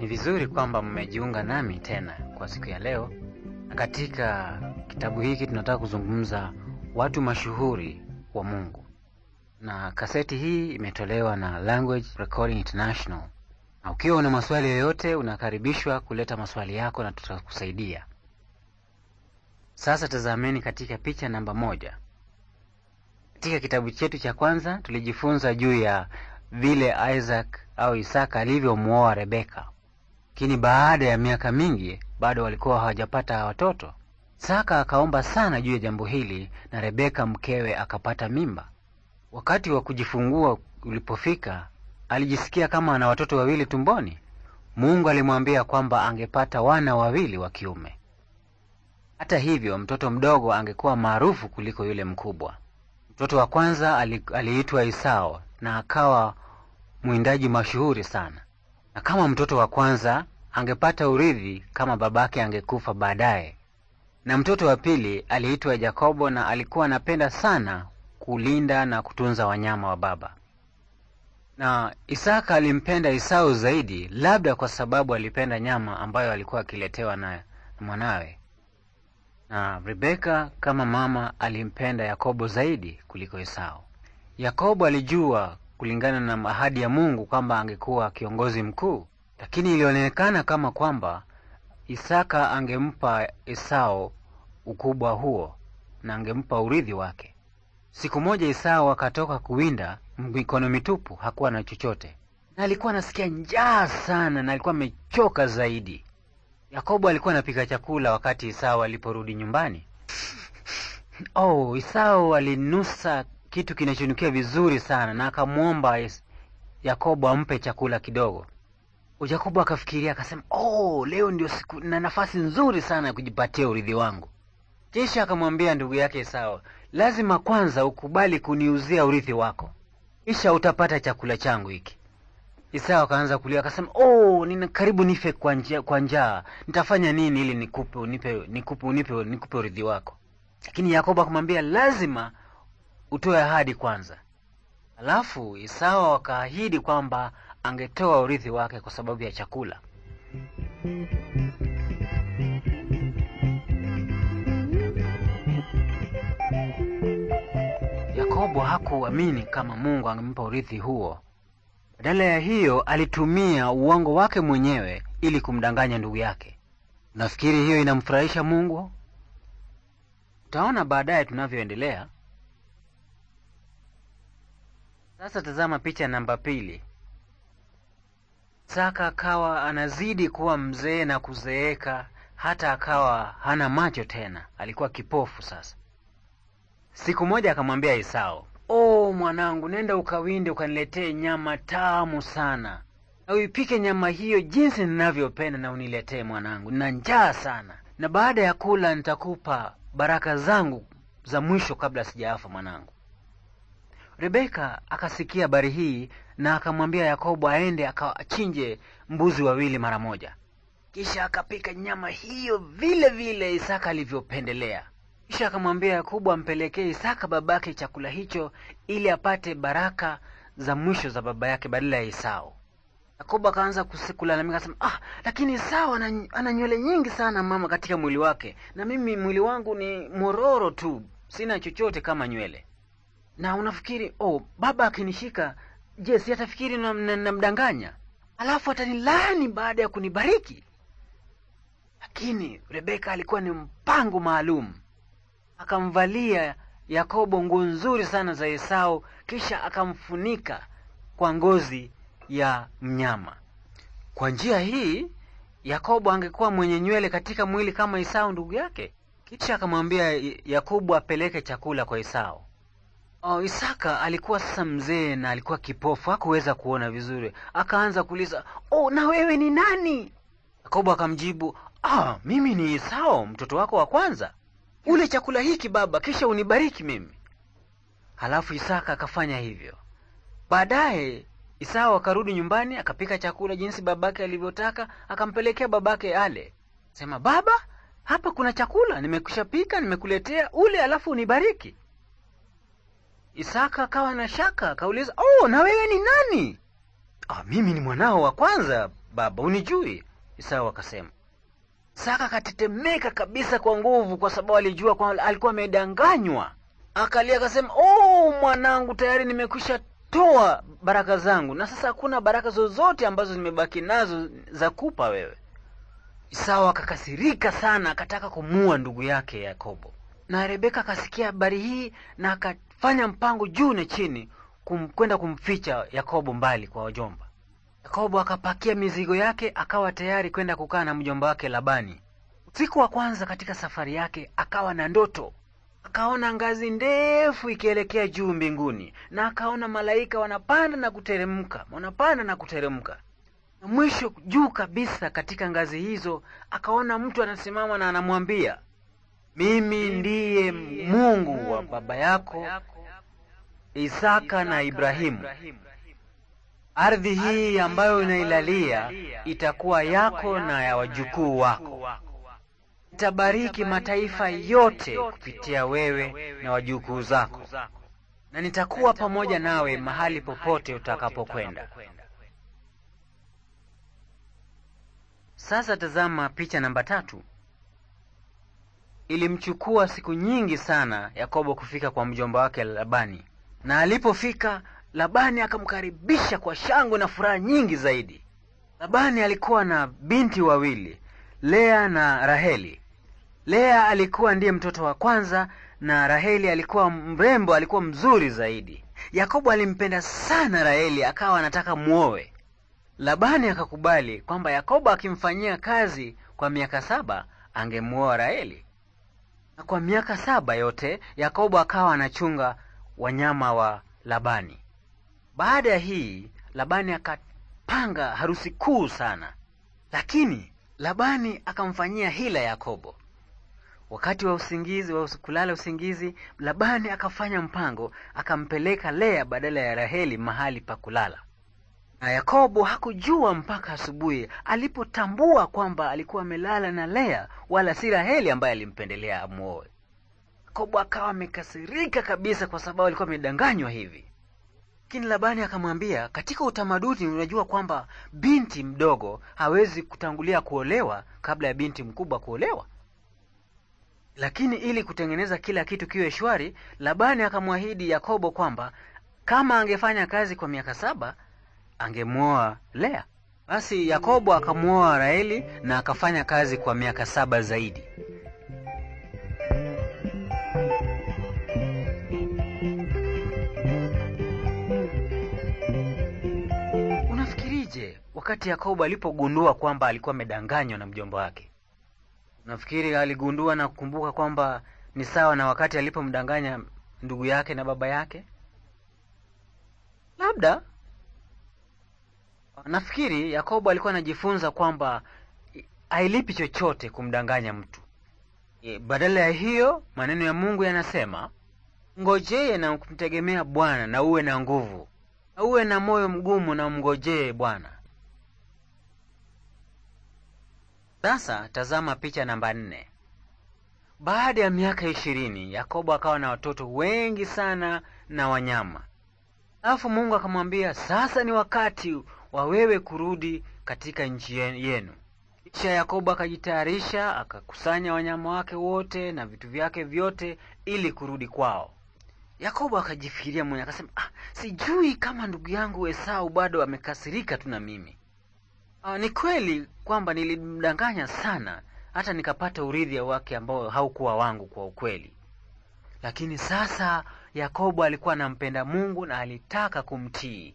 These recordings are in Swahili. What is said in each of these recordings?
Ni vizuri kwamba mmejiunga nami tena kwa siku ya leo. na Katika kitabu hiki tunataka kuzungumza watu mashuhuri wa Mungu, na kaseti hii imetolewa na Language Recording International. Na ukiwa una maswali yoyote, unakaribishwa kuleta maswali yako na tutakusaidia. Sasa tazameni katika picha namba moja. Katika kitabu chetu cha kwanza tulijifunza juu ya vile Isaac au Isaka alivyomwoa Rebeka lakini baada ya miaka mingi bado walikuwa hawajapata watoto. Saka akaomba sana juu ya jambo hili na Rebeka mkewe akapata mimba. Wakati wa kujifungua ulipofika, alijisikia kama ana watoto wawili tumboni. Mungu alimwambia kwamba angepata wana wawili wa kiume. Hata hivyo, mtoto mdogo angekuwa maarufu kuliko yule mkubwa. Mtoto wa kwanza aliitwa isao na akawa mwindaji mashuhuri sana, na kama mtoto wa kwanza angepata urithi kama babake angekufa baadaye. Na mtoto wa pili aliitwa Yakobo na alikuwa anapenda sana kulinda na kutunza wanyama wa baba. Na Isaka alimpenda Esau zaidi, labda kwa sababu alipenda nyama ambayo alikuwa akiletewa na mwanawe. Na Rebeka kama mama alimpenda Yakobo zaidi kuliko Esau. Yakobo alijua kulingana na ahadi ya Mungu kwamba angekuwa kiongozi mkuu lakini ilionekana kama kwamba Isaka angempa Esau ukubwa huo na angempa urithi wake. Siku moja Esau akatoka kuwinda mikono mitupu, hakuwa na chochote, na alikuwa anasikia njaa sana na alikuwa amechoka zaidi. Yakobo alikuwa anapika chakula wakati Esau aliporudi nyumbani. Oh, Esau alinusa kitu kinachonukia vizuri sana na akamwomba Yakobo ampe chakula kidogo. Yakobo akafikiria akasema, oh, leo ndio siku na nafasi nzuri sana ya kujipatia urithi wangu. Kisha akamwambia ndugu yake Esau, lazima kwanza ukubali kuniuzia urithi wako, kisha utapata chakula changu hiki. Esau akaanza kulia akasema, oh, nina karibu nife kwa njaa, kwa njaa. Nitafanya nini ili nikupe unipe nikupe unipe nikupe urithi wako? Lakini Yakobo akamwambia, lazima utoe ahadi kwanza. Alafu Esau akaahidi kwamba angetoa urithi wake kwa sababu ya chakula. Yakobo hakuamini kama Mungu angempa urithi huo. Badala ya hiyo, alitumia uongo wake mwenyewe ili kumdanganya ndugu yake. Nafikiri hiyo inamfurahisha Mungu. Utaona baadaye tunavyoendelea. Sasa tazama picha namba pili. Saka akawa anazidi kuwa mzee na kuzeeka hata akawa hana macho tena, alikuwa kipofu sasa. Siku moja akamwambia Esau, "Oh mwanangu, nenda ukawinde ukaniletee nyama tamu sana, na uipike nyama hiyo jinsi ninavyopenda na uniletee mwanangu, nina njaa sana, na baada ya kula nitakupa baraka zangu za mwisho kabla sijaafa mwanangu." Rebeka akasikia habari hii, na akamwambia Yakobo aende akachinje mbuzi wawili mara moja, kisha akapika nyama hiyo vile vile Isaka alivyopendelea. Kisha akamwambia Yakobo ampelekee Isaka babake chakula hicho ili apate baraka za mwisho za baba yake badala ya Isau. Yakobo akaanza kulalamika akasema, ah, lakini Isau ana, ana nywele nyingi sana mama, katika mwili wake, na mimi mwili wangu ni mororo tu, sina chochote kama nywele. Na unafikiri oh, baba akinishika Je, si atafikiri namdanganya na, na alafu atanilaani baada ya kunibariki? Lakini Rebeka alikuwa ni mpango maalum. Akamvalia Yakobo nguo nzuri sana za Esau, kisha akamfunika kwa ngozi ya mnyama. Kwa njia hii Yakobo angekuwa mwenye nywele katika mwili kama Esau ndugu yake. Kisha akamwambia Yakobo apeleke chakula kwa Esau. Oh, Isaka alikuwa sasa mzee na alikuwa kipofu, hakuweza kuona vizuri. Akaanza kuuliza, "Oh, na wewe ni nani?" Yakobo akamjibu, "Ah, mimi ni Esau, mtoto wako wa kwanza. Ule chakula hiki baba, kisha unibariki mimi." Halafu Isaka akafanya hivyo. Baadaye Isau akarudi nyumbani, akapika chakula jinsi babake alivyotaka, akampelekea babake ale. Sema, "Baba, hapa kuna chakula, nimekushapika, nimekuletea ule, alafu unibariki." Isaka akawa na shaka, akauliza, oh, na wewe ni nani? Ah, mimi ni mwanao wa kwanza baba, unijui? Isau akasema. Isaka akatetemeka kabisa kwa nguvu, kwa sababu alijua kwa alikuwa amedanganywa. Akalia akasema, oh, mwanangu, tayari nimekwisha toa baraka zangu na sasa hakuna baraka zozote ambazo zimebaki nazo za kupa wewe. Isau akakasirika sana, akataka kumua ndugu yake Yakobo, na Rebeka akasikia habari hii na fanya mpango juu na chini kwenda kum, kumficha Yakobo mbali kwa wajomba. Yakobo akapakia mizigo yake akawa tayari kwenda kukaa na mjomba wake Labani. siku wa kwanza katika safari yake akawa na ndoto, akaona ngazi ndefu ikielekea juu mbinguni, na akaona malaika wanapanda na kuteremka, wanapanda na kuteremka. Mwisho juu kabisa katika ngazi hizo akaona mtu anasimama na anamwambia mimi ndiye Mungu wa baba yako Isaka na Ibrahimu. Ardhi hii ambayo inailalia itakuwa yako na ya wajukuu wako. Nitabariki mataifa yote kupitia wewe na wajukuu zako, na nitakuwa pamoja nawe mahali popote utakapokwenda. Sasa tazama picha namba tatu. Ilimchukua siku nyingi sana Yakobo kufika kwa mjomba wake Labani, na alipofika Labani akamkaribisha kwa shangwe na furaha nyingi zaidi. Labani alikuwa na binti wawili, Lea na Raheli. Lea alikuwa ndiye mtoto wa kwanza na Raheli alikuwa mrembo, alikuwa mzuri zaidi. Yakobo alimpenda sana Raheli, akawa anataka mwowe Labani akakubali kwamba Yakobo akimfanyia kazi kwa miaka saba angemuoa Raheli. Na kwa miaka saba yote Yakobo akawa anachunga wanyama wa Labani. Baada ya hii Labani akapanga harusi kuu sana, lakini Labani akamfanyia hila Yakobo. Wakati wa usingizi wa kulala usingizi, Labani akafanya mpango, akampeleka Lea badala ya Raheli mahali pa kulala. Na Yakobo hakujua mpaka asubuhi alipotambua kwamba alikuwa amelala na Lea, wala si Raheli ambaye alimpendelea amwoe. Yakobo akawa amekasirika kabisa, kwa sababu alikuwa amedanganywa hivi. Lakini Labani akamwambia, katika utamaduni unajua kwamba binti mdogo hawezi kutangulia kuolewa kabla ya binti mkubwa kuolewa. Lakini ili kutengeneza kila kitu kiwe shwari, Labani akamwahidi Yakobo kwamba kama angefanya kazi kwa miaka saba angemwoa Lea. Basi Yakobo akamwoa Raheli na akafanya kazi kwa miaka saba zaidi. Unafikirije wakati Yakobo alipogundua kwamba alikuwa amedanganywa na mjomba wake? Unafikiri aligundua na kukumbuka kwamba ni sawa na wakati alipomdanganya ndugu yake na baba yake? Labda Nafikiri Yakobo alikuwa anajifunza kwamba hailipi chochote kumdanganya mtu. E, badala ya hiyo, maneno ya Mungu yanasema, ngojee na kumtegemea Bwana na uwe na nguvu, na uwe na moyo mgumu na umngojee Bwana. Sasa tazama picha namba nne. Baada ya miaka ishirini Yakobo akawa na watoto wengi sana na wanyama. Alafu Mungu akamwambia, sasa ni wakati wawewe kurudi katika nchi yenu. Kisha Yakobo akajitayarisha, akakusanya wanyama wake wote na vitu vyake vyote ili kurudi kwao. Yakobo akajifikiria mwenye akasema, ah, sijui kama ndugu yangu Esau bado amekasirika tu na mimi. Ah, ni kweli kwamba nilimdanganya sana hata nikapata urithi wake ambao haukuwa wangu kwa ukweli. Lakini sasa Yakobo alikuwa anampenda Mungu na alitaka kumtii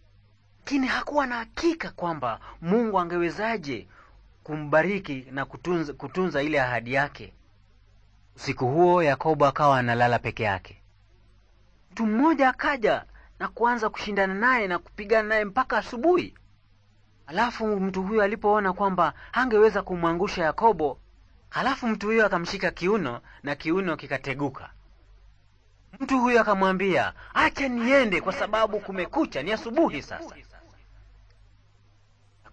lakini hakuwa na hakika kwamba Mungu angewezaje kumbariki na kutunza, kutunza ile ahadi yake. Usiku huo Yakobo akawa analala peke yake. Mtu mmoja akaja na kuanza kushindana naye na kupigana naye mpaka asubuhi. Halafu mtu huyo alipoona kwamba hangeweza kumwangusha Yakobo, halafu mtu huyo akamshika kiuno na kiuno kikateguka. Mtu huyo akamwambia, acha niende kwa sababu kumekucha, ni asubuhi sasa.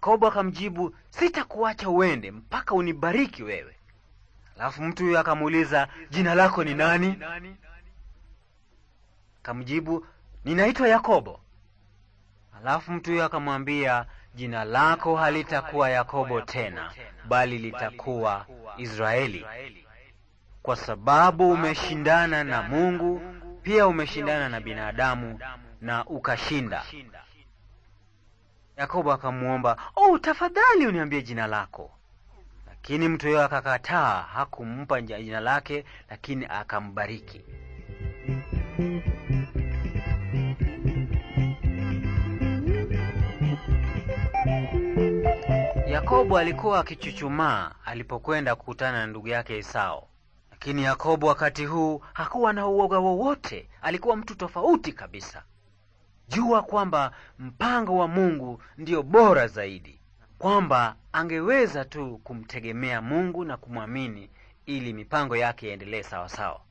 Yakobo akamjibu, sitakuacha uende mpaka unibariki wewe. Alafu mtu huyo akamuuliza, jina lako ni nani? Akamjibu, ninaitwa Yakobo. Alafu mtu huyo akamwambia, jina lako halitakuwa Yakobo tena, bali litakuwa Israeli, kwa sababu umeshindana na Mungu, pia umeshindana na binadamu na ukashinda. Yakobo akamwomba, oh, tafadhali uniambie jina lako. Lakini mtu huyo akakataa, hakumpa jina lake, lakini akambariki. Yakobo alikuwa akichuchumaa alipokwenda kukutana na ndugu yake Esau. Lakini Yakobo wakati huu hakuwa na uoga wowote, alikuwa mtu tofauti kabisa. Jua kwamba mpango wa Mungu ndio bora zaidi, kwamba angeweza tu kumtegemea Mungu na kumwamini ili mipango yake yaendelee sawasawa.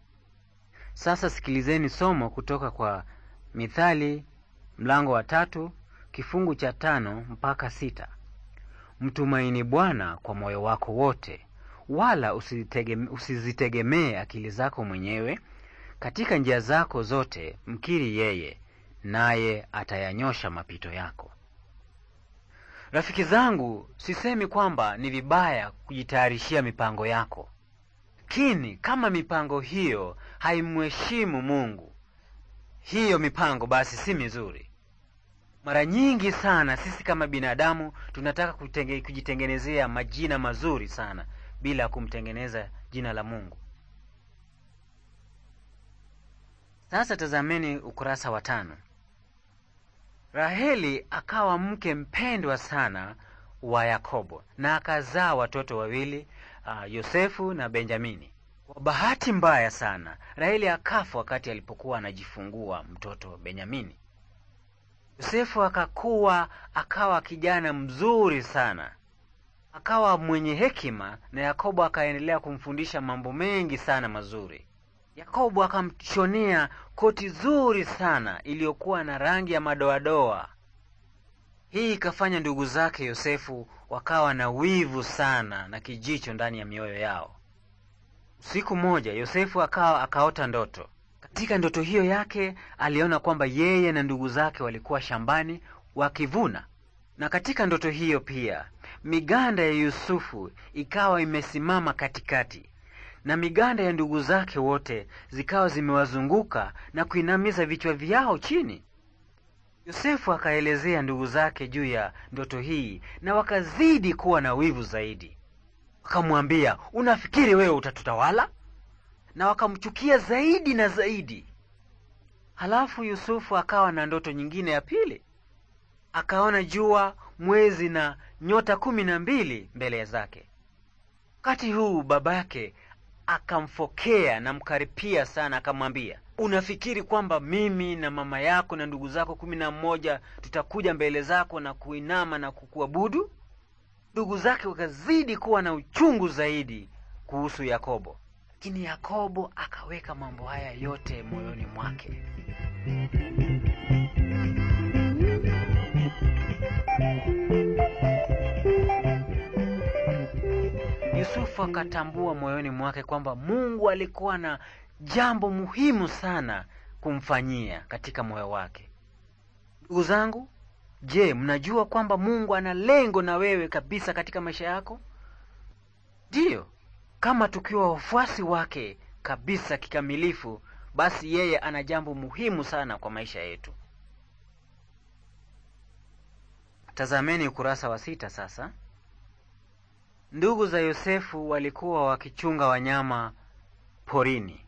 Sasa sikilizeni somo kutoka kwa Mithali mlango wa tatu kifungu cha tano mpaka sita. Mtumaini Bwana kwa moyo wako wote, wala usizitegemee akili zako mwenyewe. Katika njia zako zote mkiri yeye, naye atayanyosha mapito yako. Rafiki zangu, sisemi kwamba ni vibaya kujitayarishia mipango yako, lakini kama mipango hiyo haimheshimu Mungu, hiyo mipango basi si mizuri. Mara nyingi sana sisi kama binadamu tunataka kutenge, kujitengenezea majina mazuri sana bila kumtengeneza jina la Mungu. Sasa tazameni ukurasa wa tano. Raheli akawa mke mpendwa sana wa Yakobo na akazaa watoto wawili uh, Yosefu na Benjamini. Kwa bahati mbaya sana, Raheli akafa wakati alipokuwa anajifungua mtoto Benjamini. Yosefu akakuwa akawa kijana mzuri sana, akawa mwenye hekima, na Yakobo akaendelea kumfundisha mambo mengi sana mazuri. Yakobo akamshonea koti zuri sana iliyokuwa na rangi ya madoadoa. Hii ikafanya ndugu zake Yosefu wakawa na wivu sana na kijicho ndani ya mioyo yao. Siku moja Yosefu akawa akaota ndoto. Katika ndoto hiyo yake aliona kwamba yeye na ndugu zake walikuwa shambani wakivuna, na katika ndoto hiyo pia miganda ya Yusufu ikawa imesimama katikati na miganda ya ndugu zake wote zikawa zimewazunguka na kuinamiza vichwa vyao chini. Yosefu akaelezea ndugu zake juu ya ndoto hii, na wakazidi kuwa na wivu zaidi. Wakamwambia, unafikiri wewe utatutawala? Na wakamchukia zaidi na zaidi. Halafu Yusufu akawa na ndoto nyingine ya pili. Akaona jua, mwezi na nyota kumi na mbili mbele zake. Wakati huu babake akamfokea na mkaripia sana, akamwambia unafikiri kwamba mimi na mama yako na ndugu zako kumi na mmoja tutakuja mbele zako na kuinama na kukuabudu? Ndugu zake wakazidi kuwa na uchungu zaidi kuhusu Yakobo, lakini Yakobo akaweka mambo haya yote moyoni mwake. Yusufu akatambua moyoni mwake kwamba Mungu alikuwa na jambo muhimu sana kumfanyia katika moyo wake. Ndugu zangu, je, mnajua kwamba Mungu ana lengo na wewe kabisa katika maisha yako? Ndiyo, kama tukiwa wafuasi wake kabisa kikamilifu, basi yeye ana jambo muhimu sana kwa maisha yetu. Tazameni ukurasa wa sita sasa. Ndugu za Yosefu walikuwa wakichunga wanyama porini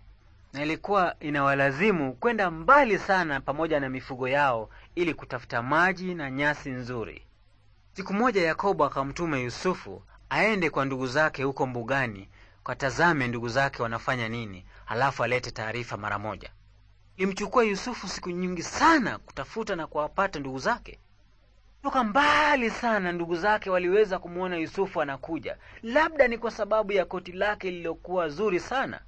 na ilikuwa inawalazimu kwenda mbali sana pamoja na mifugo yao ili kutafuta maji na nyasi nzuri. Siku moja Yakobo akamtuma Yusufu aende kwa ndugu zake huko mbugani, katazame ndugu zake wanafanya nini, halafu alete taarifa mara moja. Ilimchukua Yusufu siku nyingi sana kutafuta na kuwapata ndugu zake. Toka mbali sana ndugu zake waliweza kumwona Yusufu anakuja, labda ni kwa sababu ya koti lake lililokuwa zuri sana.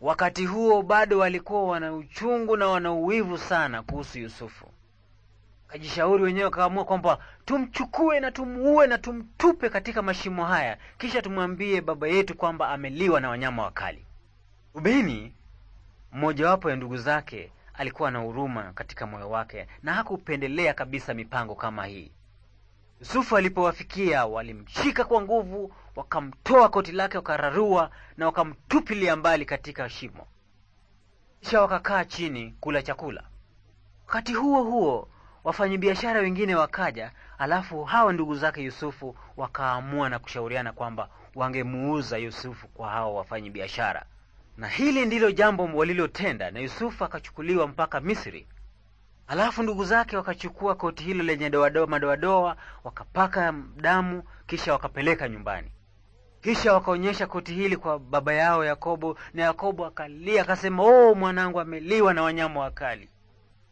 Wakati huo bado walikuwa wana uchungu na wana uwivu sana kuhusu Yusufu. Kajishauri wenyewe wakaamua kwamba tumchukue na tumuue na tumtupe katika mashimo haya, kisha tumwambie baba yetu kwamba ameliwa na wanyama wakali. Rubeni, mmojawapo ya ndugu zake, alikuwa na huruma katika moyo wake na hakupendelea kabisa mipango kama hii. Yusufu alipowafikia walimshika kwa nguvu, wakamtoa koti lake, wakararua na wakamtupilia mbali katika shimo, kisha wakakaa chini kula chakula. Wakati huo huo wafanyabiashara wengine wakaja, alafu hawa ndugu zake Yusufu wakaamua na kushauriana kwamba wangemuuza Yusufu kwa hawa wafanyabiashara na hili ndilo jambo walilotenda, na Yusufu akachukuliwa mpaka Misri. Alafu ndugu zake wakachukua koti hilo lenye doadoa madoadoa, wakapaka damu, kisha wakapeleka nyumbani, kisha wakaonyesha koti hili kwa baba yao Yakobo, na Yakobo akalia akasema, oh, mwanangu ameliwa na wanyama wakali.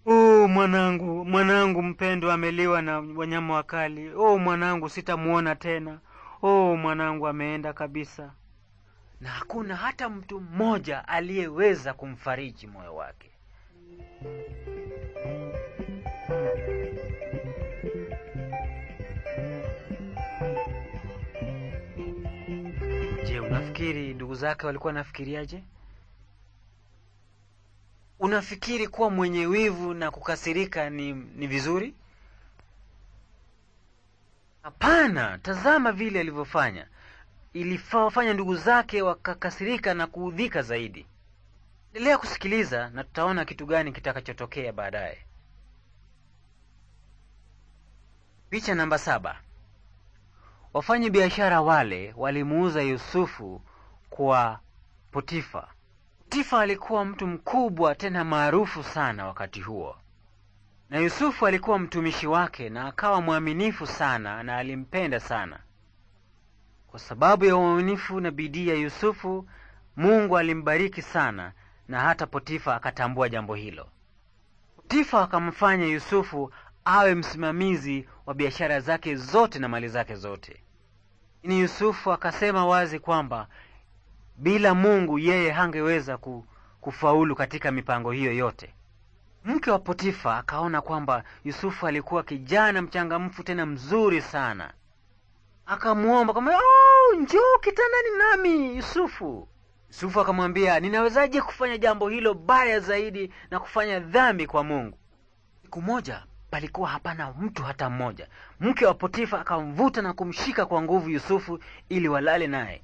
Oh, mwanangu, mwanangu mpendwa ameliwa na wanyama wakali. Oh, mwanangu, sitamuona tena. Oh, mwanangu ameenda kabisa na hakuna hata mtu mmoja aliyeweza kumfariji moyo wake. Je, unafikiri ndugu zake walikuwa nafikiriaje? Unafikiri kuwa mwenye wivu na kukasirika ni, ni vizuri? Hapana, tazama vile alivyofanya ilifanya ndugu zake wakakasirika na kuudhika zaidi. Endelea kusikiliza na tutaona kitu gani kitakachotokea baadaye. Picha namba saba. Wafanya biashara wale walimuuza Yusufu kwa Potifa. Potifa alikuwa mtu mkubwa tena maarufu sana wakati huo, na Yusufu alikuwa mtumishi wake na akawa mwaminifu sana na alimpenda sana. Kwa sababu ya uaminifu na bidii ya Yusufu, Mungu alimbariki sana na hata Potifa akatambua jambo hilo. Potifa akamfanya Yusufu awe msimamizi wa biashara zake zote na mali zake zote. Ni Yusufu akasema wazi kwamba bila Mungu yeye hangeweza kufaulu katika mipango hiyo yote. Mke wa Potifa akaona kwamba Yusufu alikuwa kijana mchangamfu tena mzuri sana, akamwomba kwamba ah, njoo kitandani nami Yusufu. Yusufu akamwambia, ninawezaje kufanya jambo hilo baya zaidi na kufanya dhambi kwa Mungu? Siku moja palikuwa hapana mtu hata mmoja. Mke wa Potifa akamvuta na kumshika kwa nguvu Yusufu ili walale naye.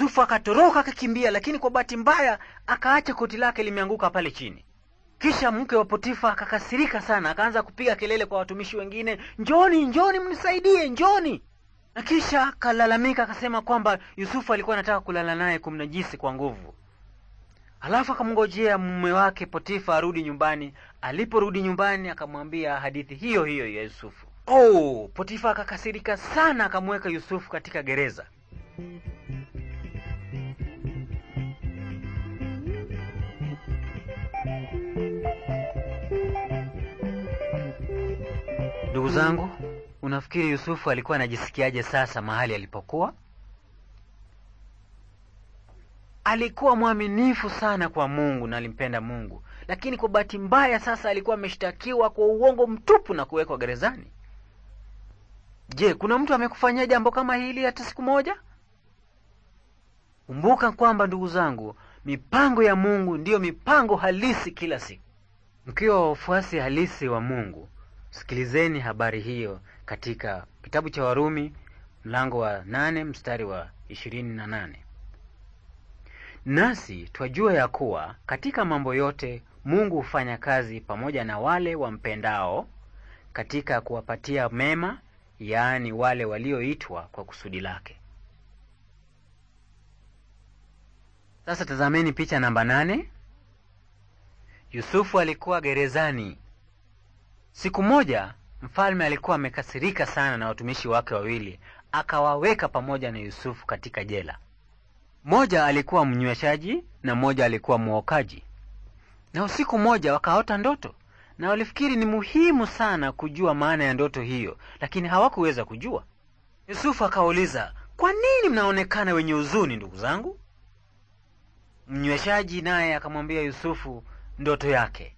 Yusufu akatoroka akakimbia, lakini kwa bahati mbaya akaacha koti lake limeanguka pale chini. Kisha mke wa Potifa akakasirika sana, akaanza kupiga kelele kwa watumishi wengine, njoni, njoni mnisaidie, njoni! na kisha akalalamika akasema kwamba Yusufu alikuwa anataka kulala naye kumnajisi kwa nguvu. Alafu akamngojea mume wake Potifa arudi nyumbani. Aliporudi nyumbani, akamwambia hadithi hiyo hiyo ya Yusufu. Oh, Potifa akakasirika sana, akamweka Yusufu katika gereza. Ndugu zangu Unafikiri Yusufu alikuwa anajisikiaje sasa mahali alipokuwa? Alikuwa mwaminifu sana kwa Mungu na alimpenda Mungu, lakini kwa bahati mbaya sasa alikuwa ameshtakiwa kwa uongo mtupu na kuwekwa gerezani. Je, kuna mtu amekufanyia jambo kama hili hata siku moja? Kumbuka kwamba ndugu zangu, mipango ya Mungu ndiyo mipango halisi kila siku. Mkiwa wafuasi halisi wa Mungu, Sikilizeni habari hiyo katika kitabu cha Warumi mlango wa nane mstari wa ishirini na nane. Nasi twajua ya kuwa katika mambo yote Mungu hufanya kazi pamoja na wale wampendao katika kuwapatia mema, yaani wale walioitwa kwa kusudi lake. Sasa tazameni picha namba nane. Yusufu alikuwa gerezani Siku moja mfalme alikuwa amekasirika sana na watumishi wake wawili, akawaweka pamoja na Yusufu katika jela. Mmoja alikuwa mnyweshaji na mmoja alikuwa mwokaji. Na usiku mmoja wakaota ndoto, na walifikiri ni muhimu sana kujua maana ya ndoto hiyo, lakini hawakuweza kujua. Yusufu akauliza, kwa nini mnaonekana wenye huzuni, ndugu zangu? Mnyweshaji naye akamwambia Yusufu ndoto yake.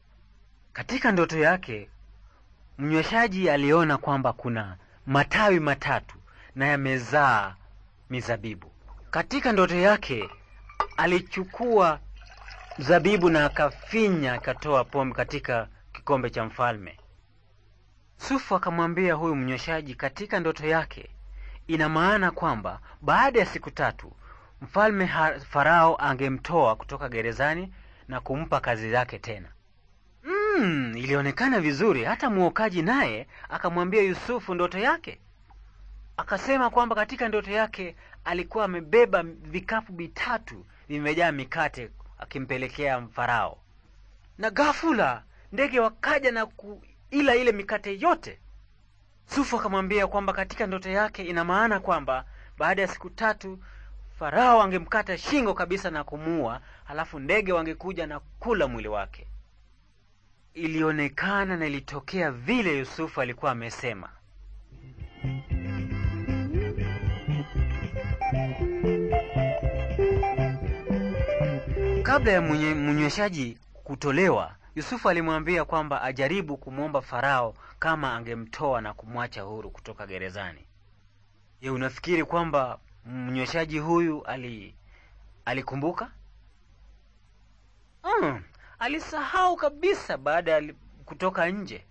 Katika ndoto yake Mnyweshaji aliona kwamba kuna matawi matatu na yamezaa mizabibu. Katika ndoto yake alichukua zabibu na akafinya akatoa pombe katika kikombe cha mfalme. Sufu akamwambia huyu mnyweshaji katika ndoto yake, ina maana kwamba baada ya siku tatu mfalme Farao angemtoa kutoka gerezani na kumpa kazi yake tena. Hmm, ilionekana vizuri hata mwokaji naye akamwambia Yusufu ndoto yake. Akasema kwamba katika ndoto yake alikuwa amebeba vikapu vitatu vimejaa mikate akimpelekea Farao, na ghafula ndege wakaja na kuila ile mikate yote. Yusufu akamwambia kwamba katika ndoto yake, ina maana kwamba baada ya siku tatu Farao angemkata shingo kabisa na kumuua, halafu ndege wangekuja na kula mwili wake ilionekana na ilitokea vile Yusufu alikuwa amesema. Kabla ya mnyweshaji kutolewa, Yusufu alimwambia kwamba ajaribu kumwomba Farao kama angemtoa na kumwacha huru kutoka gerezani. Je, unafikiri kwamba mnyweshaji huyu ali alikumbuka? Mm, alisahau kabisa baada ya kutoka nje.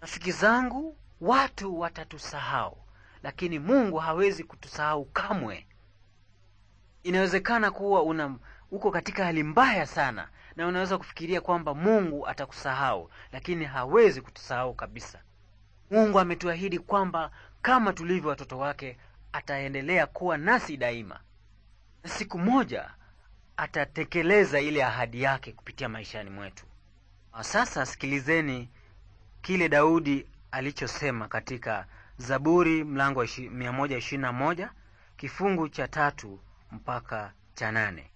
Rafiki zangu, watu watatusahau, lakini Mungu hawezi kutusahau kamwe. Inawezekana kuwa una uko katika hali mbaya sana, na unaweza kufikiria kwamba Mungu atakusahau, lakini hawezi kutusahau kabisa. Mungu ametuahidi kwamba kama tulivyo watoto wake, ataendelea kuwa nasi daima, na siku moja atatekeleza ile ahadi yake kupitia maishani mwetu. Ah, sasa sikilizeni kile Daudi alichosema katika Zaburi mlango wa 121 kifungu cha tatu mpaka cha nane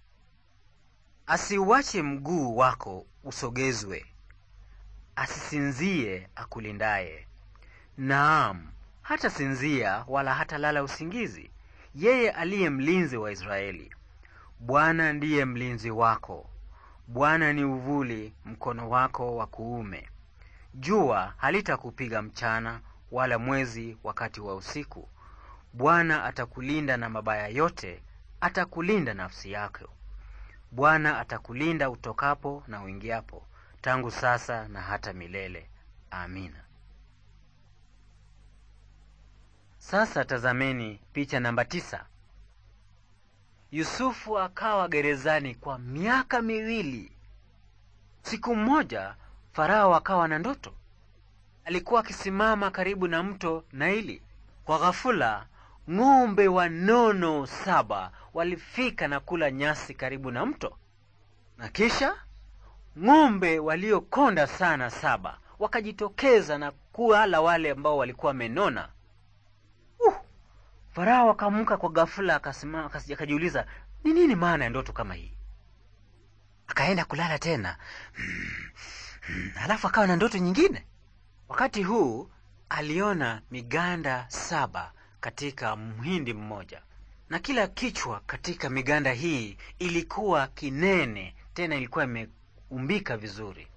asiuache mguu wako usogezwe, asisinzie akulindaye. Naam, hata sinzia wala hata lala usingizi, yeye aliye mlinzi wa Israeli. Bwana ndiye mlinzi wako, Bwana ni uvuli mkono wako wa kuume. Jua halitakupiga mchana, wala mwezi wakati wa usiku. Bwana atakulinda na mabaya yote, atakulinda nafsi yako. Bwana atakulinda utokapo na uingiapo, tangu sasa na hata milele. Amina. Sasa tazameni picha namba tisa. Yusufu akawa gerezani kwa miaka miwili. Siku moja Farao akawa na ndoto. Alikuwa akisimama karibu na mto Naili. Kwa ghafula, ng'ombe wanono saba walifika na kula nyasi karibu na mto, na kisha ng'ombe waliokonda sana saba wakajitokeza na kuala wale ambao walikuwa wamenona. Farao akaamka kwa ghafula, akajiuliza ni nini maana ya ndoto kama hii. Akaenda kulala tena halafu hmm, hmm, alafu akawa na ndoto nyingine. Wakati huu aliona miganda saba katika mhindi mmoja, na kila kichwa katika miganda hii ilikuwa kinene, tena ilikuwa imeumbika vizuri.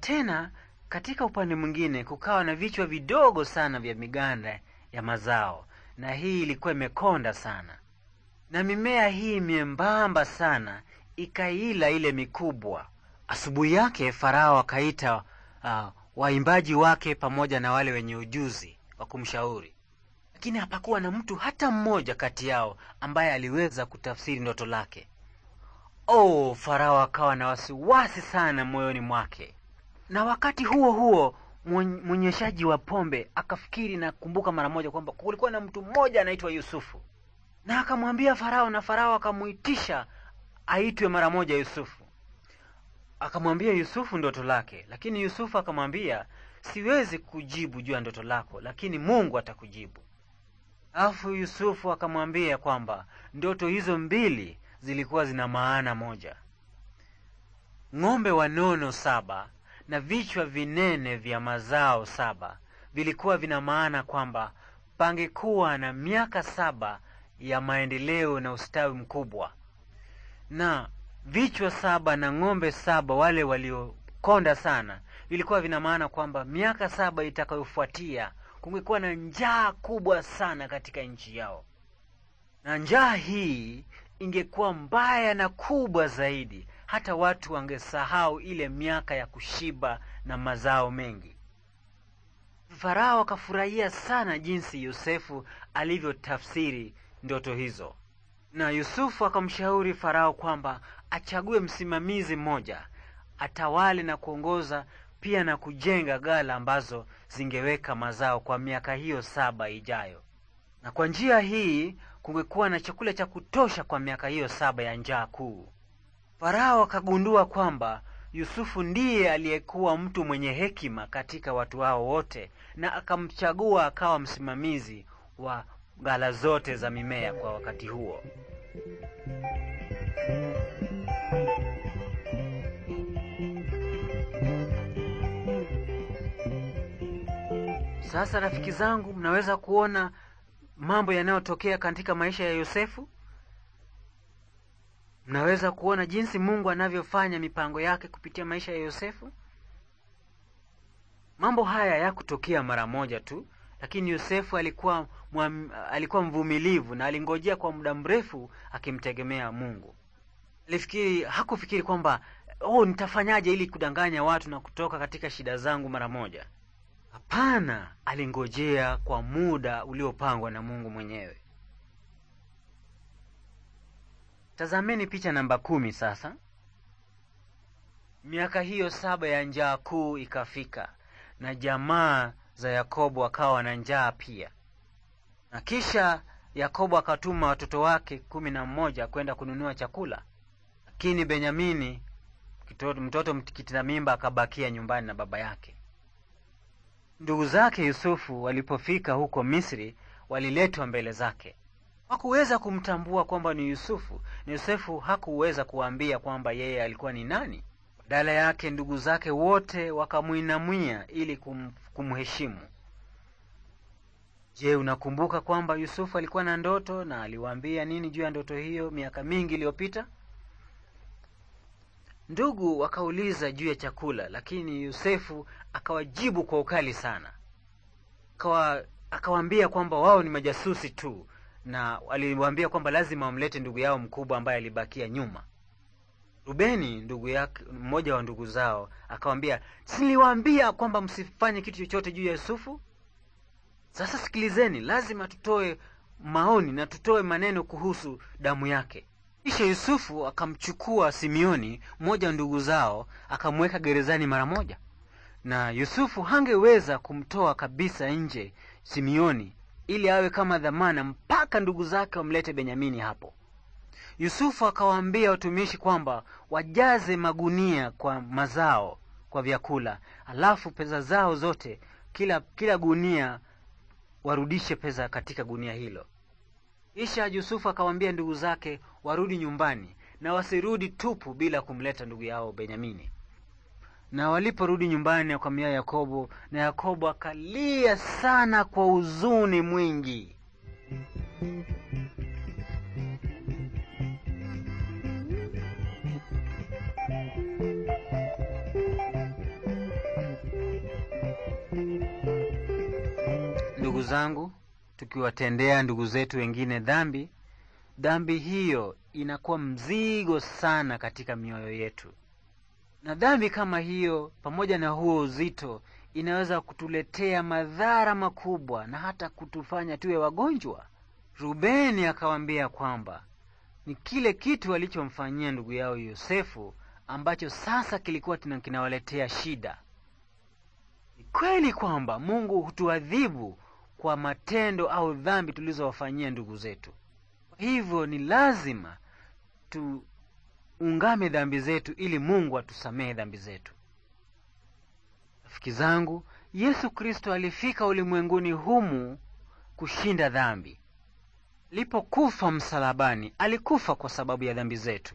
Tena katika upande mwingine kukawa na vichwa vidogo sana vya miganda ya mazao na hii ilikuwa imekonda sana, na mimea hii miembamba sana ikaila ile mikubwa. Asubuhi yake Farao akaita uh, waimbaji wake pamoja na wale wenye ujuzi wa kumshauri, lakini hapakuwa na mtu hata mmoja kati yao ambaye aliweza kutafsiri ndoto lake. Oh, Farao akawa na wasiwasi sana moyoni mwake, na wakati huo huo mwenyeshaji wa pombe akafikiri na kumbuka mara moja kwamba kulikuwa na mtu mmoja anaitwa Yusufu, na akamwambia Farao, na Farao akamuitisha aitwe mara moja Yusufu. Akamwambia Yusufu ndoto lake, lakini Yusufu akamwambia, siwezi kujibu juu ya ndoto lako, lakini Mungu atakujibu. Alafu Yusufu akamwambia kwamba ndoto hizo mbili zilikuwa zina maana moja: ng'ombe wanono saba na vichwa vinene vya mazao saba vilikuwa vina maana kwamba pangekuwa na miaka saba ya maendeleo na ustawi mkubwa, na vichwa saba na ng'ombe saba wale waliokonda sana vilikuwa vina maana kwamba miaka saba itakayofuatia kungekuwa na njaa kubwa sana katika nchi yao, na njaa hii ingekuwa mbaya na kubwa zaidi hata watu wangesahau ile miaka ya kushiba na mazao mengi. Farao akafurahia sana jinsi Yosefu alivyotafsiri ndoto hizo, na Yusufu akamshauri Farao kwamba achague msimamizi mmoja atawale na kuongoza pia na kujenga ghala ambazo zingeweka mazao kwa miaka hiyo saba ijayo, na kwa njia hii kungekuwa na chakula cha kutosha kwa miaka hiyo saba ya njaa kuu. Farao akagundua kwamba Yusufu ndiye aliyekuwa mtu mwenye hekima katika watu hao wote na akamchagua akawa msimamizi wa ghala zote za mimea kwa wakati huo. Sasa rafiki zangu, mnaweza kuona mambo yanayotokea katika maisha ya Yosefu. Mnaweza kuona jinsi Mungu anavyofanya mipango yake kupitia maisha ya Yosefu. Mambo haya yakutokea mara moja tu, lakini Yosefu alikuwa mwam, alikuwa mvumilivu na alingojea kwa muda mrefu akimtegemea Mungu. Alifikiri, hakufikiri kwamba oh, nitafanyaje ili kudanganya watu na kutoka katika shida zangu mara moja. Hapana, alingojea kwa muda uliopangwa na Mungu mwenyewe. Tazameni picha namba kumi sasa. Miaka hiyo saba ya njaa kuu ikafika, na jamaa za Yakobo akawa na njaa pia. Na kisha Yakobo akatuma watoto wake kumi na mmoja kwenda kununua chakula, lakini Benyamini mtoto na mimba akabakia nyumbani na baba yake. Ndugu zake Yusufu walipofika huko Misri waliletwa mbele zake, hakuweza kumtambua kwamba ni Yusufu. Na Yusufu hakuweza kuambia kwamba yeye alikuwa ni nani. Badala yake ndugu zake wote wakamwinamia ili kum, kumheshimu. Je, unakumbuka kwamba Yusufu alikuwa na ndoto na aliwaambia nini juu ya ndoto hiyo miaka mingi iliyopita? Ndugu wakauliza juu ya chakula, lakini Yosefu akawajibu kwa ukali sana, akawaambia kwamba wao ni majasusi tu, na aliwaambia kwamba lazima wamlete ndugu yao mkubwa ambaye alibakia nyuma. Rubeni ndugu yake, mmoja wa ndugu zao, akawaambia, siliwaambia kwamba msifanye kitu chochote juu ya Yusufu? Sasa sikilizeni, lazima tutoe maoni na tutoe maneno kuhusu damu yake. Kisha Yusufu akamchukua Simioni, mmoja wa ndugu zao, akamweka gerezani mara moja, na Yusufu hangeweza kumtoa kabisa nje Simioni ili awe kama dhamana mpaka ndugu zake wamlete Benyamini hapo. Yusufu akawaambia watumishi kwamba wajaze magunia kwa mazao, kwa vyakula, alafu pesa zao zote, kila kila gunia warudishe pesa katika gunia hilo. Kisha Yusufu akawaambia ndugu zake warudi nyumbani na wasirudi tupu bila kumleta ndugu yao Benyamini. Na waliporudi nyumbani akamia Yakobo, na Yakobo akalia sana kwa huzuni mwingi. Ndugu zangu, tukiwatendea ndugu zetu wengine dhambi, dhambi hiyo inakuwa mzigo sana katika mioyo yetu. Na dhambi kama hiyo pamoja na huo uzito inaweza kutuletea madhara makubwa na hata kutufanya tuwe wagonjwa. Rubeni akawaambia kwamba ni kile kitu alichomfanyia ndugu yao Yosefu ambacho sasa kilikuwa kinawaletea shida. Ni kweli kwamba Mungu hutuadhibu kwa matendo au dhambi tulizowafanyia ndugu zetu. Kwa hivyo ni lazima tu ungame dhambi zetu ili Mungu atusamehe dhambi zetu. Rafiki zangu, Yesu Kristo alifika ulimwenguni humu kushinda dhambi. lipokufa msalabani, alikufa kwa sababu ya dhambi zetu.